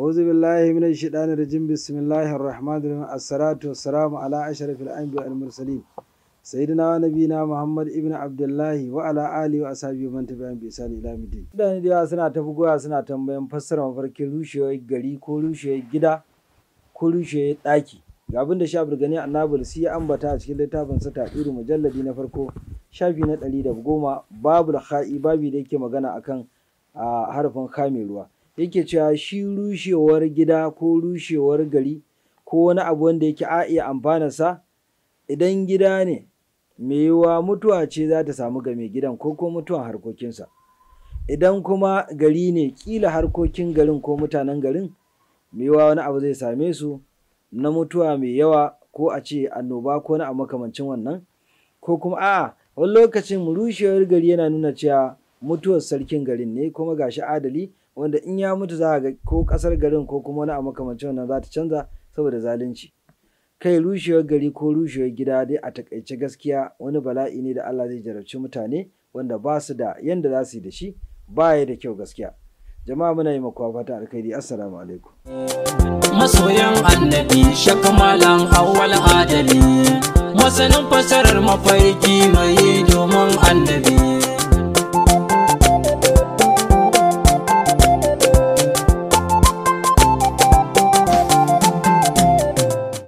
أعوذ بالله من الشيطان الرجيم بسم الله الرحمن الرحيم الصلاة والسلام على أشرف الأنبياء والمرسلين سيدنا ونبينا محمد ابن عبد الله وعلى آله وأصحابه من تبعهم بإحسان إلى يوم الدين. Dan da suna tafi-goya suna tambayan fassara mafarkin rushewar gari ko rushewar gida ko rushewar ɗaki. Ga abin da Shabir Gani Annabul si ya ambata a cikin littafin sa Ta'iru mujalladi na farko shafi na ɗari da goma babu da babi da yake magana akan harfin kame ruwa. yake cewa shi rushewar gida ko rushewar gari ko wani abu wanda yake a iya sa idan gida ne mai yiwuwa mutuwa ce za ta samu ga mai gidan ko ko mutuwan harkokinsa idan kuma gari ne kila harkokin garin ko mutanen garin mai yiwuwa wani abu zai same su na mutuwa mai yawa ko a ce annoba ko na makamancin wannan ko kuma a'a wani lokacin rushewar gari yana nuna cewa mutuwar sarkin garin ne kuma gashi adali wanda in ya mutu za ga ko kasar garin ko kuma wani a makamancin wannan za ta canza saboda zalunci kai rushewar gari ko rushewar gida dai a takaice gaskiya wani bala'i ne da Allah zai jarabci mutane wanda ba su da yanda za su yi da shi ba ya da kyau gaskiya jama'a muna yi makuwa fata alkhairi assalamu alaikum masoyan annabi shakamalan awwal adali masanin fasarar mafarki mai domin annabi